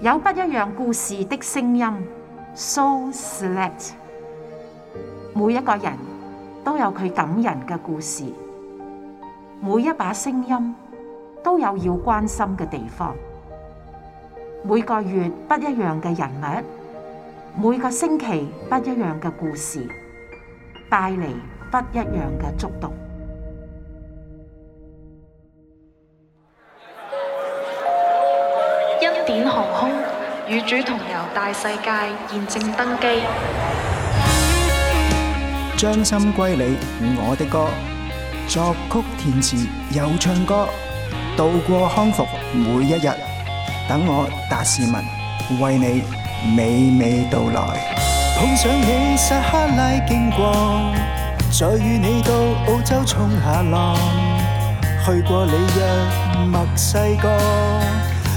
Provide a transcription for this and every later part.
有不一樣故事的聲音，So select。每一個人都有佢感人嘅故事，每一把聲音都有要關心嘅地方。每個月不一樣嘅人物，每個星期不一樣嘅故事，帶嚟不一樣嘅觸動。點航空與主同遊大世界，現正登機。將心歸你，我的歌，作曲填詞又唱歌，渡過康復每一日，等我達市民，為你美美到來。碰上你撒哈拉經過，再與你到澳洲沖下浪，去過里約墨西哥。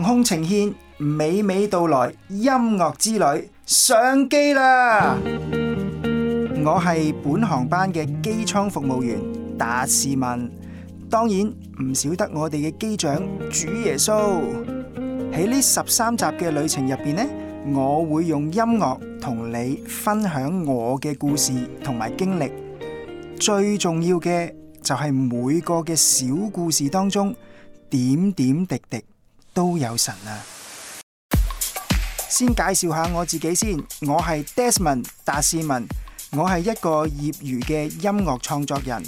航空呈現美美到來，音樂之旅上機啦！我係本航班嘅機艙服務員達士文，當然唔少得我哋嘅機長主耶穌。喺呢十三集嘅旅程入邊呢，我會用音樂同你分享我嘅故事同埋經歷，最重要嘅就係每個嘅小故事當中點點滴滴。都有神啊，先介紹下我自己先，我係 Desmond 達斯文，我係一個業餘嘅音樂創作人。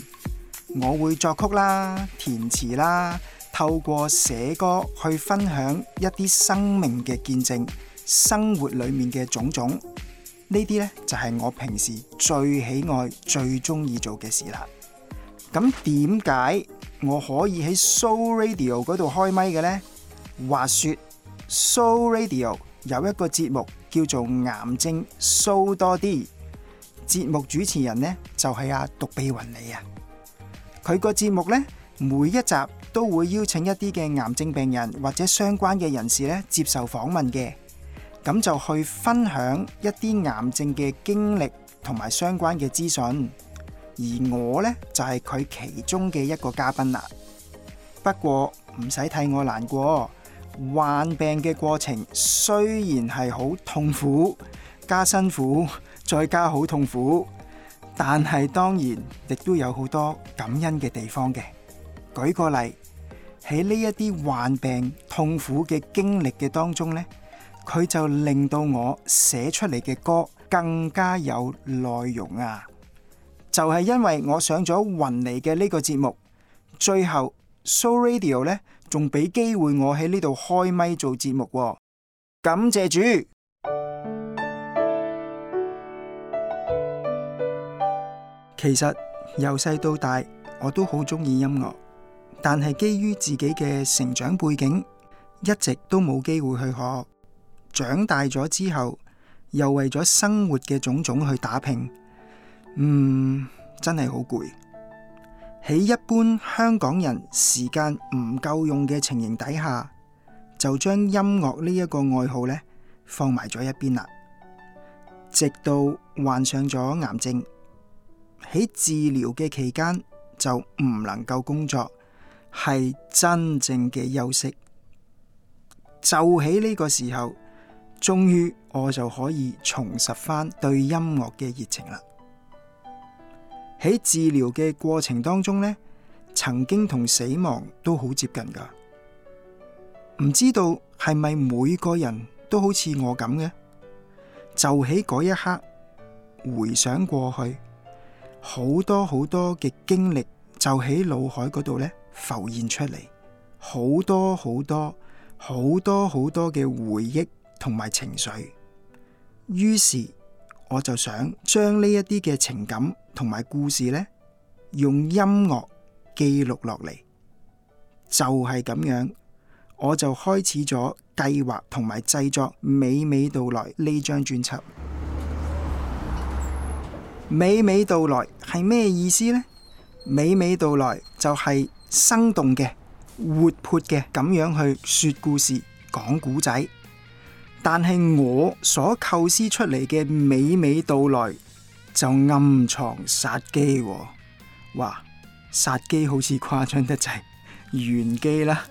我會作曲啦、填詞啦，透過寫歌去分享一啲生命嘅見證，生活裏面嘅種種呢啲呢，就係、是、我平時最喜愛、最中意做嘅事啦。咁點解我可以喺 Show Radio 嗰度開咪嘅呢？話說，Soul Radio 有一個節目叫做《癌症 Soul 多啲》，節目主持人呢就係阿獨臂云你啊。佢個節目呢，每一集都會邀請一啲嘅癌症病人或者相關嘅人士呢接受訪問嘅，咁就去分享一啲癌症嘅經歷同埋相關嘅資訊。而我呢，就係、是、佢其中嘅一個嘉賓啦。不過唔使替我難過。患病嘅過程雖然係好痛苦加辛苦，再加好痛苦，但係當然亦都有好多感恩嘅地方嘅。舉個例，喺呢一啲患病痛苦嘅經歷嘅當中呢，佢就令到我寫出嚟嘅歌更加有內容啊！就係、是、因為我上咗雲尼嘅呢個節目，最後 Soul Radio 呢。仲俾機會我喺呢度開咪做節目，哦，感謝主。其實由細到大，我都好中意音樂，但係基於自己嘅成長背景，一直都冇機會去學。長大咗之後，又為咗生活嘅種種去打拼，嗯，真係好攰。喺一般香港人時間唔夠用嘅情形底下，就將音樂呢一個愛好呢放埋咗一邊啦。直到患上咗癌症，喺治療嘅期間就唔能夠工作，係真正嘅休息。就喺呢個時候，終於我就可以重拾翻對音樂嘅熱情啦。喺治療嘅過程當中呢，曾經同死亡都好接近噶，唔知道係咪每個人都好似我咁嘅？就喺嗰一刻回想過去，好多好多嘅經歷就喺腦海嗰度呢浮現出嚟，好多好多好多好多嘅回憶同埋情緒，於是。我就想將呢一啲嘅情感同埋故事呢，用音樂記錄落嚟。就係咁樣，我就開始咗計劃同埋製作《美美到來》呢張專輯。《美美到來》係咩意思呢？《美美到來》就係、是、生動嘅、活潑嘅，咁樣去說故事、講古仔。但係我所構思出嚟嘅娓娓道來就暗藏殺機。哦，嘩，殺機好似誇張得滯，玄機啦。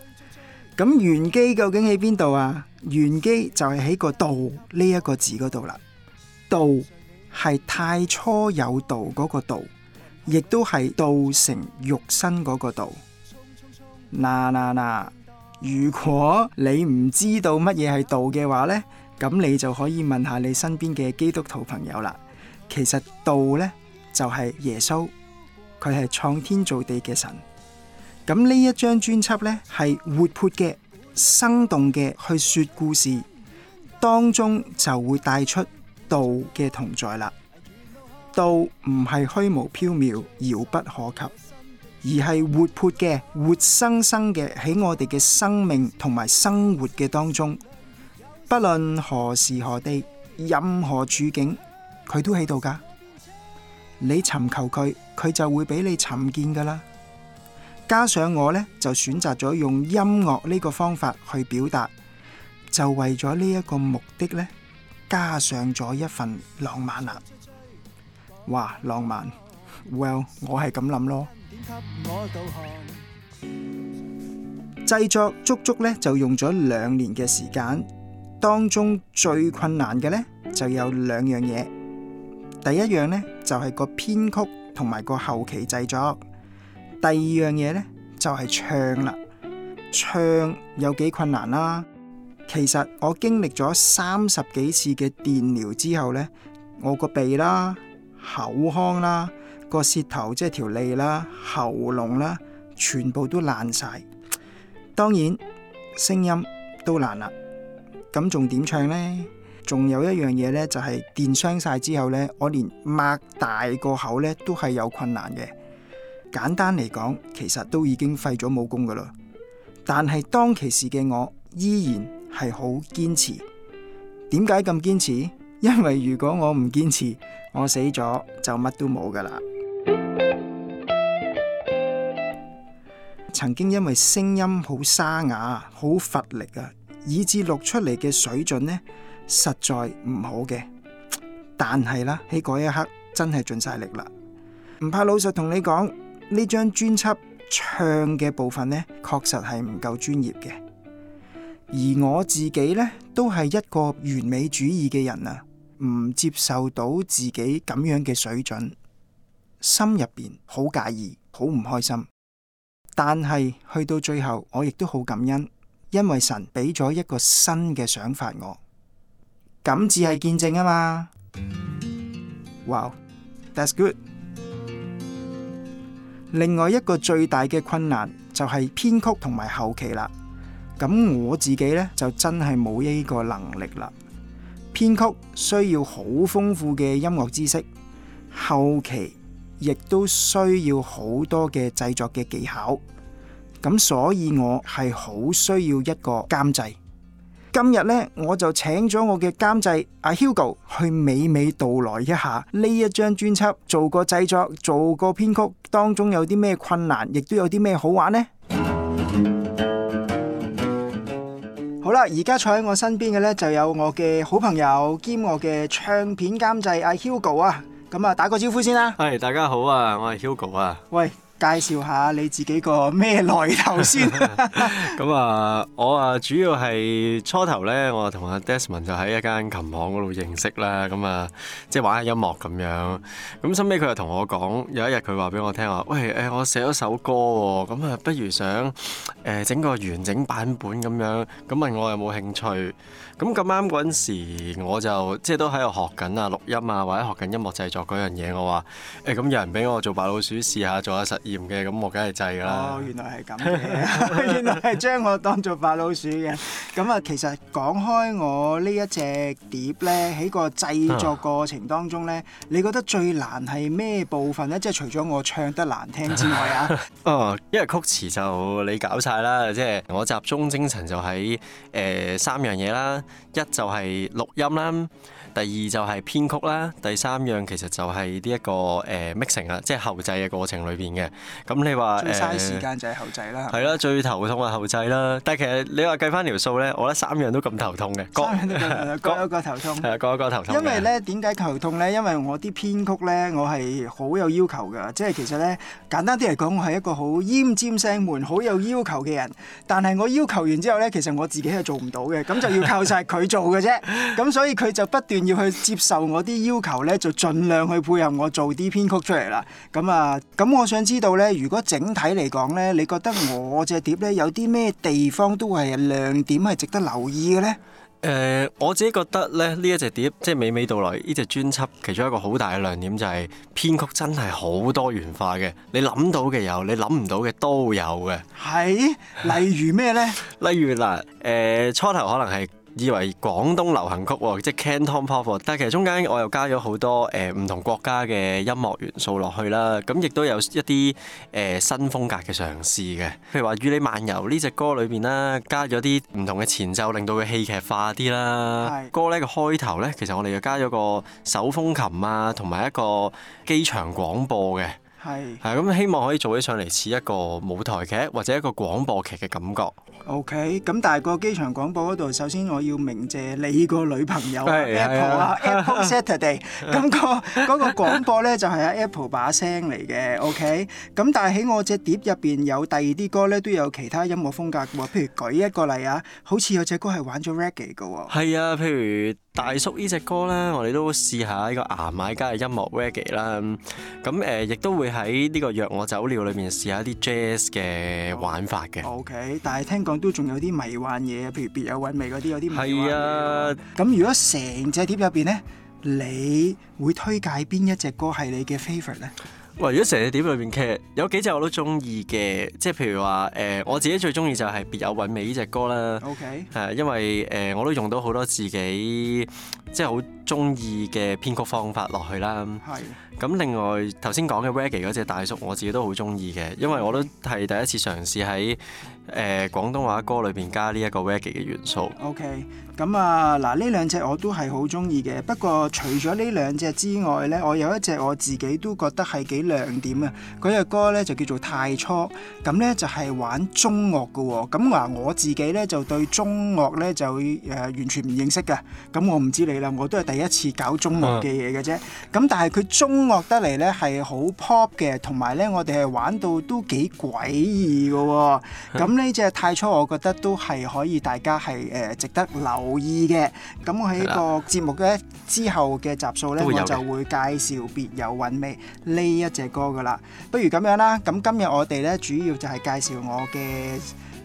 咁玄機究竟喺邊度啊？玄機就係喺「個」道呢一個字嗰度啦。道係太初有道嗰個道，亦都係道成肉身嗰個道。嗱嗱嗱。如果你唔知道乜嘢係道嘅話呢，咁你就可以問下你身邊嘅基督徒朋友啦。其實道呢，就係耶穌，佢係創天造地嘅神。咁呢一張專輯呢，係活潑嘅、生動嘅去說故事，當中就會帶出道嘅同在啦。道唔係虛無縹緲、遙不可及。而係活潑嘅、活生生嘅喺我哋嘅生命同埋生活嘅當中，不論何時何地、任何處境，佢都喺度噶。你尋求佢，佢就會俾你尋見噶啦。加上我呢，就選擇咗用音樂呢個方法去表達，就為咗呢一個目的呢，加上咗一份浪漫啦！嘩，浪漫！Well，我係咁諗咯。製作足足呢就用咗兩年嘅時間，當中最困難嘅呢，就有兩樣嘢。第一樣呢，就係、是、個編曲同埋個後期製作，第二樣嘢呢，就係、是、唱啦。唱有幾困難啦、啊？其實我經歷咗三十幾次嘅電療之後呢，我個鼻啦、口腔啦。個舌頭即係條脷啦、喉嚨啦，全部都爛晒。當然聲音都爛啦。咁仲點唱呢？仲有一樣嘢呢，就係電傷晒之後呢，我連擘大個口呢都係有困難嘅。簡單嚟講，其實都已經廢咗武功噶啦。但係當其時嘅我依然係好堅持。點解咁堅持？因為如果我唔堅持，我死咗就乜都冇噶啦。曾經因為聲音好沙啞、好乏力啊，以致錄出嚟嘅水準呢，實在唔好嘅。但係啦，喺嗰一刻真係盡晒力啦，唔怕老實同你講，呢張專輯唱嘅部分呢，確實係唔夠專業嘅。而我自己呢，都係一個完美主義嘅人啊，唔接受到自己咁樣嘅水準。心入面好介意，好唔開心，但係去到最後，我亦都好感恩，因為神俾咗一個新嘅想法我。咁至係見證啊嘛。w、Wow, that's good。另外一個最大嘅困難就係編曲同埋後期啦。咁我自己呢，就真係冇呢個能力啦。編曲需要好豐富嘅音樂知識，後期。亦都需要好多嘅製作嘅技巧，咁所以我係好需要一個監製。今日呢，我就請咗我嘅監製阿 Hugo 去娓娓道來一下呢一張專輯，做個製作、做個編曲，當中有啲咩困難，亦都有啲咩好玩呢？好啦，而家坐喺我身邊嘅呢，就有我嘅好朋友兼我嘅唱片監製阿 Hugo 啊。咁啊，打個招呼先啦。係，大家好啊，我係 Hugo 啊。喂。介紹下你自己個咩來頭先？咁 啊，我啊主要係初頭呢，我同阿 Desmond 就喺一間琴行嗰度認識啦。咁啊，即係玩下音樂咁樣。咁後尾佢又同我講，有一日佢話俾我聽話，喂誒、欸，我寫咗首歌喎、哦。咁啊，不如想誒整、欸、個完整版本咁樣，咁問我有冇興趣？咁咁啱嗰陣時，我就即係都喺度學緊啊錄音啊，或者學緊音樂製作嗰樣嘢。我話誒，咁、欸、有人俾我做白老鼠試下做下實鹽嘅咁我梗係制㗎啦。哦，原來係咁嘅， 原來係將我當做白老鼠嘅。咁啊，其實講開我呢一隻碟咧，喺個製作過程當中咧，你覺得最難係咩部分咧？即係除咗我唱得難聽之外啊。哦， 因為曲詞就你搞晒啦，即係我集中精神就喺誒三樣嘢啦，一就係錄音啦。第二就係編曲啦，第三樣其實就係呢一個誒 mixing 啦，即係後製嘅過程裏邊嘅。咁你話最嘥時間就係後製啦。係啦、呃，吧最頭痛就係後製啦。但係其實你話計翻條數咧，我覺得三樣都咁頭痛嘅。三樣 各一個頭痛。係啊， 各一個頭痛。因為咧點解頭痛咧？因為我啲編曲咧，我係好有要求嘅。即係其實咧簡單啲嚟講，我係一個好奄尖，尖聲悶，好有要求嘅人。但係我要求完之後咧，其實我自己係做唔到嘅，咁就要靠晒佢做嘅啫。咁 所以佢就不斷。要去接受我啲要求呢，就儘量去配合我做啲編曲出嚟啦。咁啊，咁我想知道呢，如果整體嚟講呢，你覺得我隻碟呢，有啲咩地方都係亮點，係值得留意嘅呢？誒、呃，我自己覺得呢，呢一隻碟即係娓娓道來呢隻、這個、專輯，其中一個好大嘅亮點就係編曲真係好多元化嘅。你諗到嘅有，你諗唔到嘅都有嘅。係，例如咩呢？ 例如嗱，誒、呃、初頭可能係。以為廣東流行曲喎，即係 Canton pop，但係其實中間我又加咗好多誒唔同國家嘅音樂元素落去啦。咁亦都有一啲誒新風格嘅嘗試嘅。譬如話《與你漫遊》呢隻歌裏邊啦，加咗啲唔同嘅前奏，令到佢戲劇化啲啦。是歌呢個開頭呢，其實我哋又加咗個手風琴啊，同埋一個機場廣播嘅。係係咁希望可以做起上嚟似一個舞台劇或者一個廣播劇嘅感覺。OK。咁但係個機場廣播嗰度，首先我要鳴謝你個女朋友 Apple 啊，Apple Saturday。咁個嗰個廣播咧就係阿 Apple 把聲嚟嘅。OK。咁但係喺我隻碟入邊有第二啲歌咧，都有其他音樂風格嘅。譬如舉一個例啊，好似有隻歌係玩咗 Reggae 嘅。係啊，譬如大叔呢隻歌咧，我哋都試下呢個牙買加嘅音樂 Reggae 啦。咁誒，亦都會。喺呢個約我酒料裏面試下啲 jazz 嘅玩法嘅。O K，但係聽講都仲有啲迷幻嘢，譬如別有韻味嗰啲有啲迷幻。係啊。咁如果成隻碟入邊咧，你會推介邊一隻歌係你嘅 favourite 咧？喂，如果成隻碟裏邊劇有幾隻我都中意嘅，即係譬如話誒、呃，我自己最中意就係別有韻味呢隻歌啦。O K，係因為誒、呃、我都用到好多自己即係好。中意嘅編曲方法落去啦，咁另外頭先講嘅 reggae 嗰隻大叔，我自己都好中意嘅，因為我都係第一次嘗試喺誒廣東話歌裏邊加呢一個 reggae 嘅元素。OK，咁啊嗱，呢兩隻我都係好中意嘅，不過除咗呢兩隻之外咧，我有一隻我自己都覺得係幾亮點啊！嗰隻歌咧就叫做太初，咁咧就係玩中樂嘅喎。咁嗱，我自己咧就對中樂咧就誒完全唔認識嘅，咁我唔知你啦，我都係第一次搞中樂嘅嘢嘅啫，咁、嗯、但係佢中樂得嚟呢係好 pop 嘅，同埋呢我哋係玩到都幾詭異嘅喎。咁呢隻太初，我覺得都係可以大家係誒值得留意嘅。咁喺、嗯、個節目咧之後嘅集數呢，我就會介紹別有韻味呢一隻歌噶啦。不如咁樣啦，咁今日我哋呢主要就係介紹我嘅。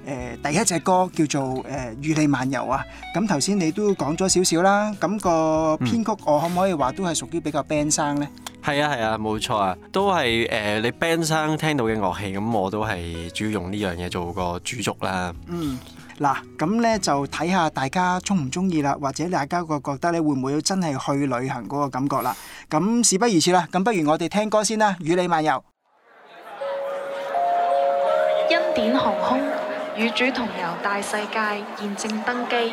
誒第一隻歌叫做誒《雨裏漫遊》啊，咁頭先你都講咗少少啦，咁個編曲我可唔可以話都係屬於比較 band 聲呢？係啊係啊，冇錯啊，都係誒你 band 聲聽到嘅樂器，咁我都係主要用呢樣嘢做個主軸啦。嗯，嗱，咁呢就睇下大家中唔中意啦，或者大家個覺得你會唔會真係去旅行嗰個感覺啦？咁事不宜遲啦，咁不如我哋聽歌先啦，《雨裏漫遊》。恩典航空。與主同遊大世界，現正登機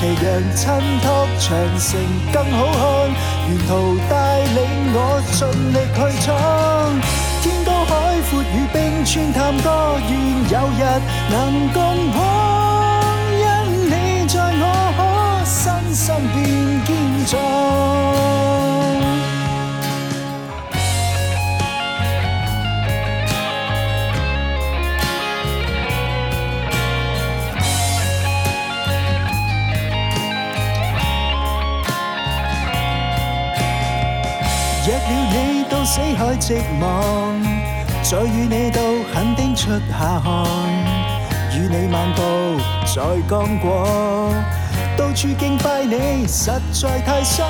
斜陽襯托長城更好看，沿途帶領我盡力去闖。天高海闊與冰川探多遠，有日能共攀。因你在我，可身心變堅壯。西海直望，再與你到墾丁出下汗，與你漫步在剛果，到處敬拜你實在太爽。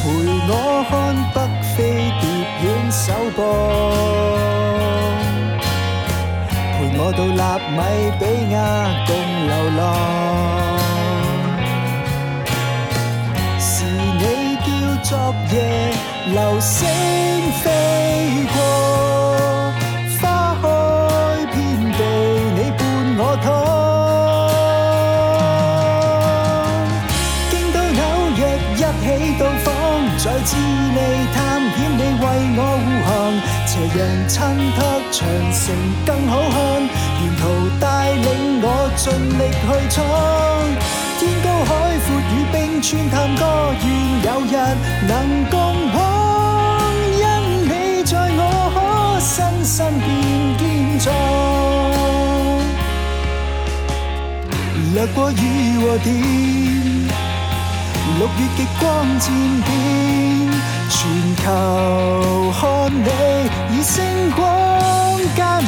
陪我看北非碟片首播，陪我到納米比亞共流浪。夜、yeah, 流星飛過，花開遍地，你伴我躺。京都紐約一起到訪，在智利探險，你為我護航。斜陽襯托長城更好看，沿途帶領我盡力去闖。天高海闊與。穿探過遠，有日能共破，因你在我可身身邊堅壯。掠過雨和電，六月極光漸變，全球看你以星光加冕。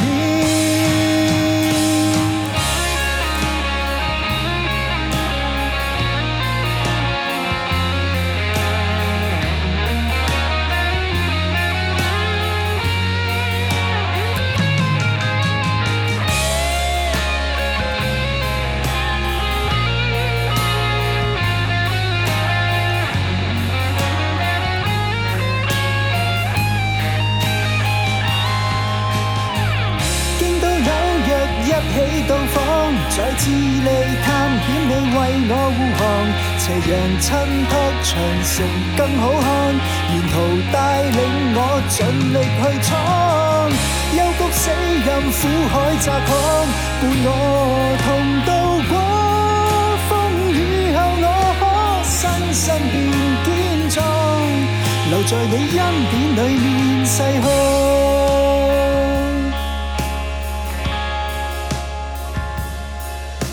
在智利探險，你為我護航，斜陽襯托長城更好看，沿途帶領我盡力去闖，幽谷死任苦海窄巷，伴我同渡過風雨後我，我可身身變堅壯，留在你恩典裏面細看。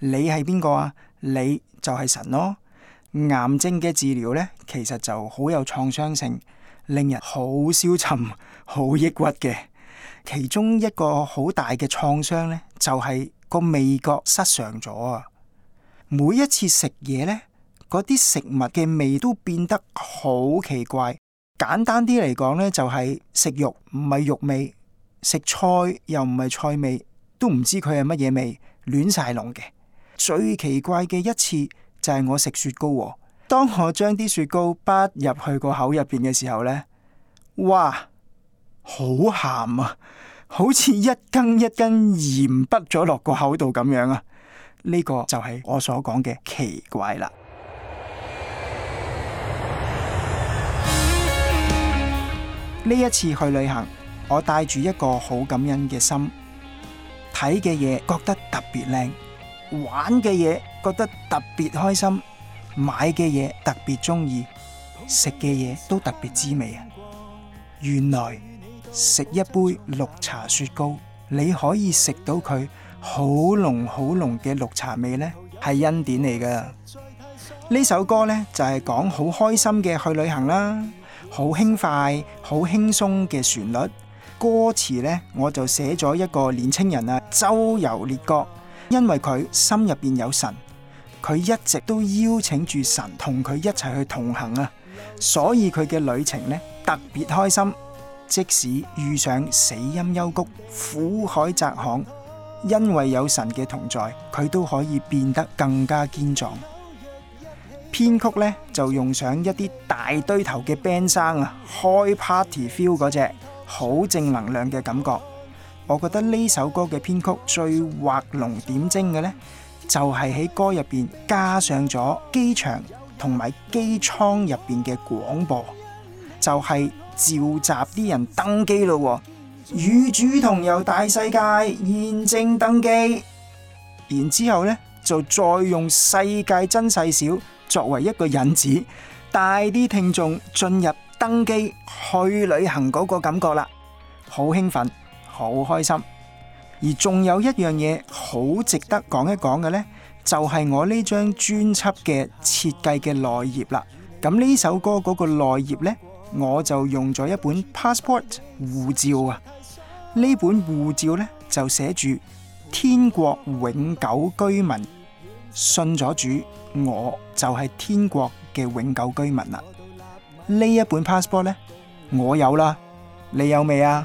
你係邊個啊？你就係神咯，哦！癌症嘅治療呢，其實就好有創傷性，令人好消沉、好抑鬱嘅。其中一個好大嘅創傷呢，就係、是、個味覺失常咗啊！每一次食嘢呢，嗰啲食物嘅味都變得好奇怪。簡單啲嚟講呢，就係、是、食肉唔係肉味，食菜又唔係菜味，都唔知佢係乜嘢味，亂晒龍嘅。最奇怪嘅一次就係我食雪糕，當我將啲雪糕撥入去個口入邊嘅時候呢，哇，好鹹啊，好似一羹一羹鹽撥咗落個口度咁樣啊！呢個就係我所講嘅奇怪啦。呢 一次去旅行，我帶住一個好感恩嘅心，睇嘅嘢覺得特別靚。玩嘅嘢覺得特別開心，買嘅嘢特別中意，食嘅嘢都特別滋味啊！原來食一杯綠茶雪糕，你可以食到佢好濃好濃嘅綠茶味呢，係恩典嚟噶。呢首歌呢，就係講好開心嘅去旅行啦，好輕快、好輕鬆嘅旋律。歌詞呢，我就寫咗一個年青人啊，周遊列國。因為佢心入邊有神，佢一直都邀請住神同佢一齊去同行啊，所以佢嘅旅程呢特別開心。即使遇上死陰幽谷、苦海窄巷，因為有神嘅同在，佢都可以變得更加堅壯。編曲呢就用上一啲大堆頭嘅 band 生啊，開 party feel 嗰隻，好正能量嘅感覺。我覺得呢首歌嘅編曲最畫龍點睛嘅呢，就係喺歌入邊加上咗機場同埋機艙入邊嘅廣播，就係召集啲人登機咯。與主同遊大世界，現正登機。然之後呢，就再用世界真細小作為一個引子，帶啲聽眾進入登機去旅行嗰個感覺啦，好興奮。好開心，而仲有一樣嘢好值得講一講嘅呢，就係我呢張專輯嘅設計嘅內頁啦。咁呢首歌嗰個內頁呢，我就用咗一本 passport 護照啊。呢本護照呢，就寫住天國永久居民，信咗主我就係天國嘅永久居民啦。呢一本 passport 呢，我有啦，你有未啊？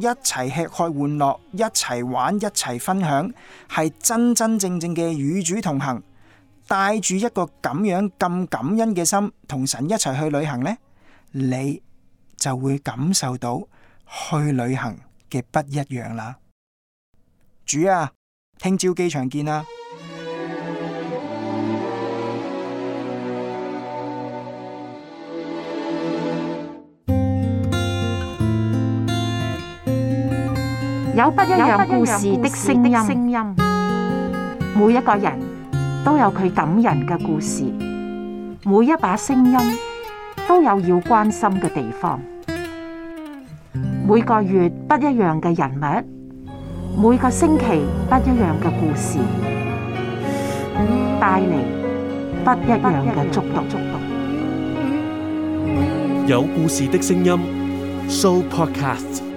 一齊吃喝玩樂，一齊玩，一齊分享，係真真正正嘅與主同行。帶住一個咁樣咁感恩嘅心，同神一齊去旅行呢，你就會感受到去旅行嘅不一樣啦。主啊，聽朝機場見呀！有不一樣故事的聲音，每一個人都有佢感人嘅故事，每一把聲音都有要關心嘅地方。每個月不一樣嘅人物，每個星期不一樣嘅故事，帶嚟不一樣嘅觸動。有故事的聲音，Show Podcast。